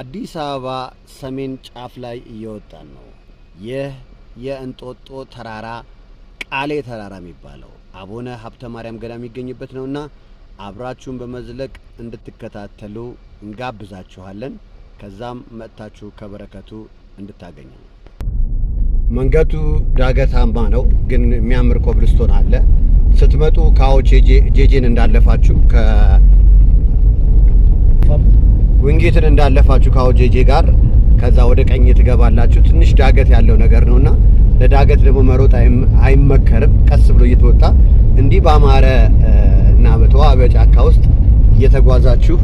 አዲስ አበባ ሰሜን ጫፍ ላይ እየወጣን ነው። ይህ የእንጦጦ ተራራ ቃሌ ተራራ የሚባለው አቡነ ሀብተ ማርያም ገዳም የሚገኝበት ነውና አብራችሁን በመዝለቅ እንድትከታተሉ እንጋብዛችኋለን። ከዛም መጥታችሁ ከበረከቱ እንድታገኙ ነው። መንገቱ ዳገታማ ነው፣ ግን የሚያምር ኮብልስቶን አለ። ስትመጡ ካዎ ጄጄን እንዳለፋችሁ ውልጌትን እንዳለፋችሁ ከአውጄጄ ጋር ከዛ ወደ ቀኝ ትገባላችሁ። ትንሽ ዳገት ያለው ነገር ነውና ለዳገት ደግሞ መሮጥ አይመከርም። ቀስ ብሎ እየተወጣ እንዲህ በአማረ እና በተዋበ ጫካ ውስጥ እየተጓዛችሁ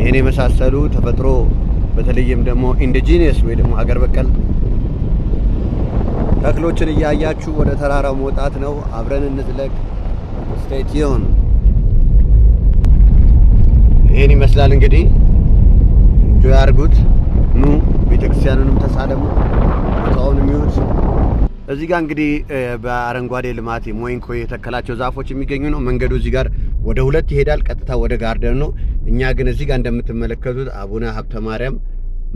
ይህን የመሳሰሉ ተፈጥሮ በተለይም ደግሞ ኢንዲጂኒየስ ወይ ደግሞ ሀገር በቀል ተክሎችን እያያችሁ ወደ ተራራው መውጣት ነው። አብረን እንዝለቅ። ስቴት ይህን ይመስላል እንግዲህ እንጆይ አድርጉት። ኑ ቤተክርስቲያኑንም ተሳለሙ። ቦታውን ይሁት። እዚህ ጋር እንግዲህ በአረንጓዴ ልማት ሞይንኮ የተከላቸው ዛፎች የሚገኙ ነው። መንገዱ እዚህ ጋር ወደ ሁለት ይሄዳል። ቀጥታ ወደ ጋርደን ነው። እኛ ግን እዚህ ጋር እንደምትመለከቱት አቡነ ሀብተ ማርያም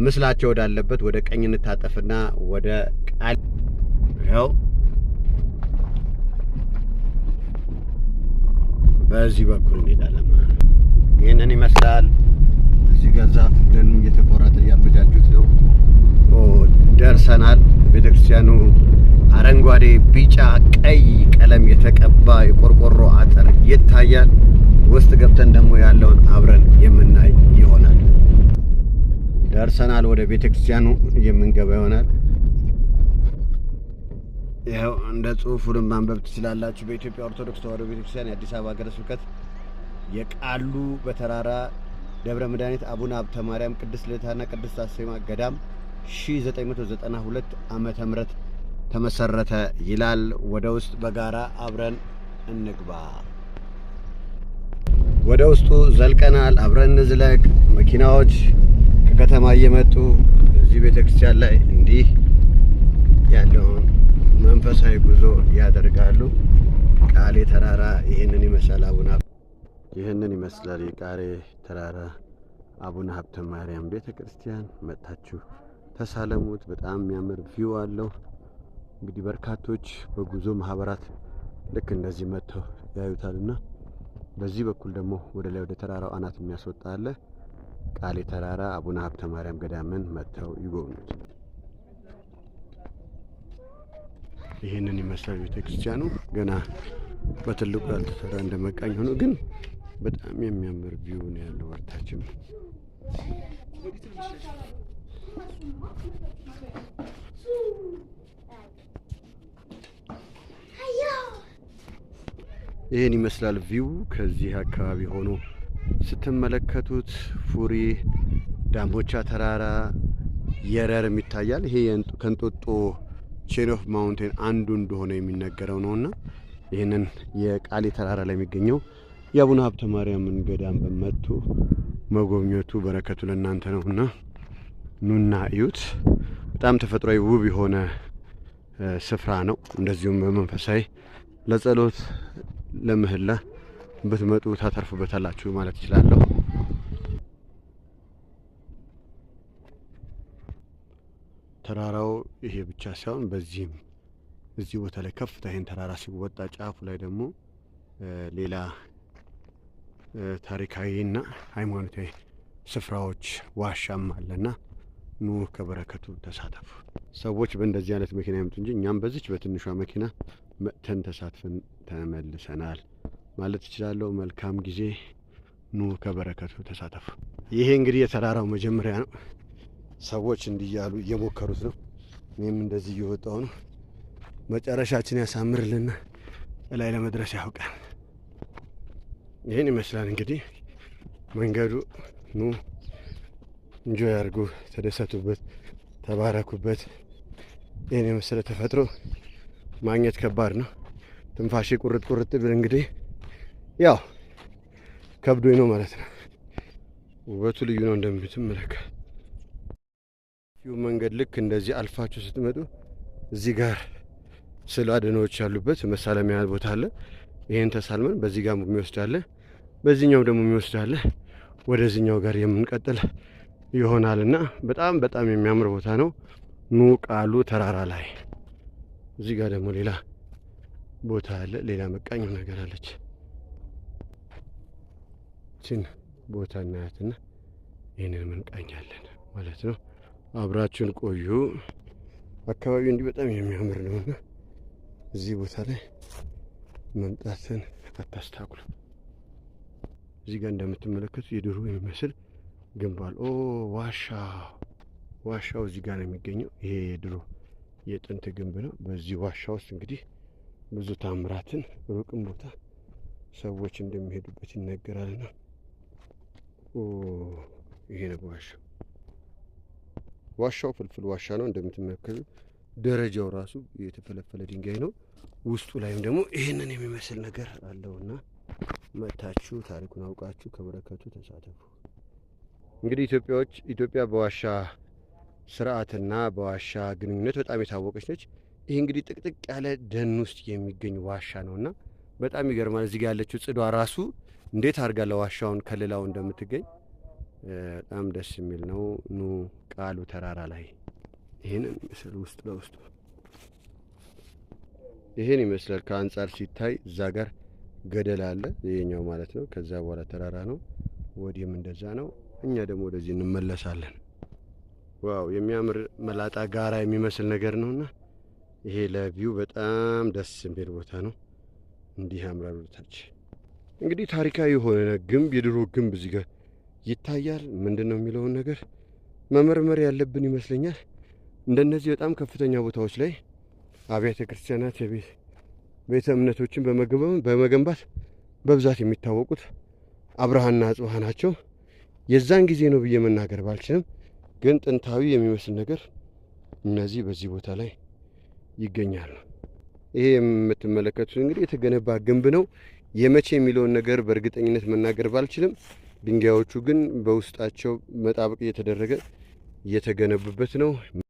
ምስላቸው ወዳለበት ወደ ቀኝ እንታጠፍና ወደ ቃል ያው በዚህ በኩል እንሄዳለን። ይህንን ይመስላል። ገዛ ደንም እየተቆረጠ እያበጃጁት ነው። ደርሰናል። ቤተክርስቲያኑ አረንጓዴ፣ ቢጫ፣ ቀይ ቀለም የተቀባ የቆርቆሮ አጥር ይታያል። ውስጥ ገብተን ደግሞ ያለውን አብረን የምናይ ይሆናል። ደርሰናል። ወደ ቤተክርስቲያኑ የምንገባ ይሆናል። ይኸው እንደ ጽሁፉንም ማንበብ ትችላላችሁ። በኢትዮጵያ ኦርቶዶክስ ተዋሕዶ ቤተክርስቲያን የአዲስ አበባ ሀገረ ስብከት የቃሉ በተራራ ደብረ መድኃኒት አቡነ ሀብተ ማርያም ቅድስት ልደታና ቅድስት አርሴማ ገዳም 1992 ዓመተ ምህረት ተመሰረተ ይላል። ወደ ውስጥ በጋራ አብረን እንግባ። ወደ ውስጡ ዘልቀናል። አብረን እንዝለቅ። መኪናዎች ከከተማ እየመጡ እዚህ ቤተክርስቲያን ላይ እንዲህ ያለውን መንፈሳዊ ጉዞ ያደርጋሉ። ቃሌ ተራራ ይህንን ይመስላል። አቡነ ይህንን ይመስላል የቃሬ ተራራ አቡነ ሀብተ ማርያም ቤተ ክርስቲያን። መጥታችሁ ተሳለሙት። በጣም የሚያምር ቪው አለው። እንግዲህ በርካቶች በጉዞ ማህበራት ልክ እንደዚህ መጥተው ያዩታልና በዚህ በኩል ደግሞ ወደ ላይ ወደ ተራራው አናት የሚያስወጣ አለ። ቃሌ ተራራ አቡነ ሀብተ ማርያም ገዳምን መጥተው ይጎብኙት። ይህንን ይመስላል ቤተክርስቲያኑ ገና በትልቁ ያልተሰራ እንደመቃኝ ሆኖ ግን በጣም የሚያምር ቪው ነው ያለው ወርታችን ይህን ይመስላል ቪው ከዚህ አካባቢ ሆኖ ስትመለከቱት ፉሪ ዳምቦቻ ተራራ የረርም ይታያል። ይሄ ከእንጦጦ ቼን ኦፍ ማውንቴን አንዱ እንደሆነ የሚነገረው ነውና ይህንን የቃሌ ተራራ ላይ የሚገኘው የአቡነ ሀብተ ማርያምን ገዳም በመጡ መጎብኘቱ በረከቱ ለእናንተ ነውና ኑና እዩት። በጣም ተፈጥሯዊ ውብ የሆነ ስፍራ ነው። እንደዚሁም በመንፈሳዊ ለጸሎት ለምህላ ብትመጡ ታተርፉበታላችሁ ማለት እችላለሁ። ተራራው ይሄ ብቻ ሳይሆን በዚህም እዚህ ቦታ ላይ ከፍታ ይህን ተራራ ሲወጣ ጫፉ ላይ ደግሞ ሌላ ታሪካዊና ሃይማኖታዊ ስፍራዎች ዋሻም አለና ኑ ከበረከቱ ተሳተፉ። ሰዎች በእንደዚህ አይነት መኪና ይምጡ እንጂ እኛም በዚች በትንሿ መኪና መጥተን ተሳትፈን ተመልሰናል ማለት እችላለሁ። መልካም ጊዜ፣ ኑ ከበረከቱ ተሳተፉ። ይሄ እንግዲህ የተራራው መጀመሪያ ነው። ሰዎች እንዲያሉ እየሞከሩት ነው። እኔም እንደዚህ እየወጣው ነው። መጨረሻችን ያሳምርልና እላይ ለመድረስ ያውቃል። ይህን ይመስላል እንግዲህ መንገዱ። ኑ እንጆ ያርጉ፣ ተደሰቱበት፣ ተባረኩበት። ይህን የመሰለ ተፈጥሮ ማግኘት ከባድ ነው። ትንፋሽ ቁርጥ ቁርጥ ብል እንግዲህ ያው ከብዶኝ ነው ማለት ነው። ውበቱ ልዩ ነው እንደምትመለከ መንገድ ልክ እንደዚህ አልፋችሁ ስትመጡ እዚህ ጋር ስለ አደኖዎች ያሉበት መሳለሚያ ቦታ አለ። ይህን ተሳልመን በዚህ ጋር የሚወስዳለ በዚህኛው ደግሞ የሚወስዳለ ወደዚህኛው ጋር የምንቀጥል ይሆናልና በጣም በጣም የሚያምር ቦታ ነው። ኑ ቃሉ ተራራ ላይ እዚህ ጋር ደግሞ ሌላ ቦታ አለ። ሌላ መቃኝ ነገር አለች። ችን ቦታ እናያትና ይህንን ምንቃኛለን ማለት ነው። አብራችን ቆዩ። አካባቢው እንዲህ በጣም የሚያምር ነውና እዚህ ቦታ ላይ መምጣትን አታስታጉሉ። እዚህ ጋር እንደምትመለከቱ የድሮ የሚመስል ግንባል ኦ ዋሻ ዋሻው እዚህ ጋር ነው የሚገኘው። ይሄ የድሮ የጥንት ግንብ ነው። በዚህ ዋሻ ውስጥ እንግዲህ ብዙ ታምራትን ሩቅም ቦታ ሰዎች እንደሚሄዱበት ይነገራልና ይሄ ነው ዋሻው። ዋሻው ፍልፍል ዋሻ ነው እንደምትመለከቱ ደረጃው ራሱ የተፈለፈለ ድንጋይ ነው። ውስጡ ላይም ደግሞ ይህንን የሚመስል ነገር አለውና መታችሁ ታሪኩን አውቃችሁ ከበረከቱ ተሳተፉ። እንግዲህ ኢትዮጵያዎች ኢትዮጵያ በዋሻ ስርዓትና በዋሻ ግንኙነት በጣም የታወቀች ነች። ይህ እንግዲህ ጥቅጥቅ ያለ ደን ውስጥ የሚገኝ ዋሻ ነውና በጣም ይገርማል። እዚጋ ያለችው ጽዷ ራሱ እንዴት አድርጋ ለዋሻውን ከሌላው እንደምትገኝ በጣም ደስ የሚል ነው። ኑ ቃሉ ተራራ ላይ ይህንን ምስል ውስጥ ለውስጡ ይህን ይመስላል። ከአንጻር ሲታይ እዛ ጋር ገደል አለ፣ ይሄኛው ማለት ነው። ከዛ በኋላ ተራራ ነው፣ ወዲህም እንደዛ ነው። እኛ ደግሞ ወደዚህ እንመለሳለን። ዋው የሚያምር መላጣ ጋራ የሚመስል ነገር ነውና ይሄ ለቪው በጣም ደስ የሚል ቦታ ነው። እንዲህ ያምራል። ወደታች እንግዲህ ታሪካዊ የሆነ ግንብ የድሮ ግንብ እዚህ ጋር ይታያል። ምንድን ነው የሚለውን ነገር መመርመር ያለብን ይመስለኛል። እንደነዚህ በጣም ከፍተኛ ቦታዎች ላይ አብያተ ክርስቲያናት ቤተ እምነቶችን በመገንባት በብዛት የሚታወቁት አብርሃና አጽብሃ ናቸው። የዛን ጊዜ ነው ብዬ መናገር ባልችልም ግን ጥንታዊ የሚመስል ነገር እነዚህ በዚህ ቦታ ላይ ይገኛሉ። ይሄ የምትመለከቱት እንግዲህ የተገነባ ግንብ ነው። የመቼ የሚለውን ነገር በእርግጠኝነት መናገር ባልችልም ድንጋዮቹ ግን በውስጣቸው መጣበቅ እየተደረገ እየተገነቡበት ነው።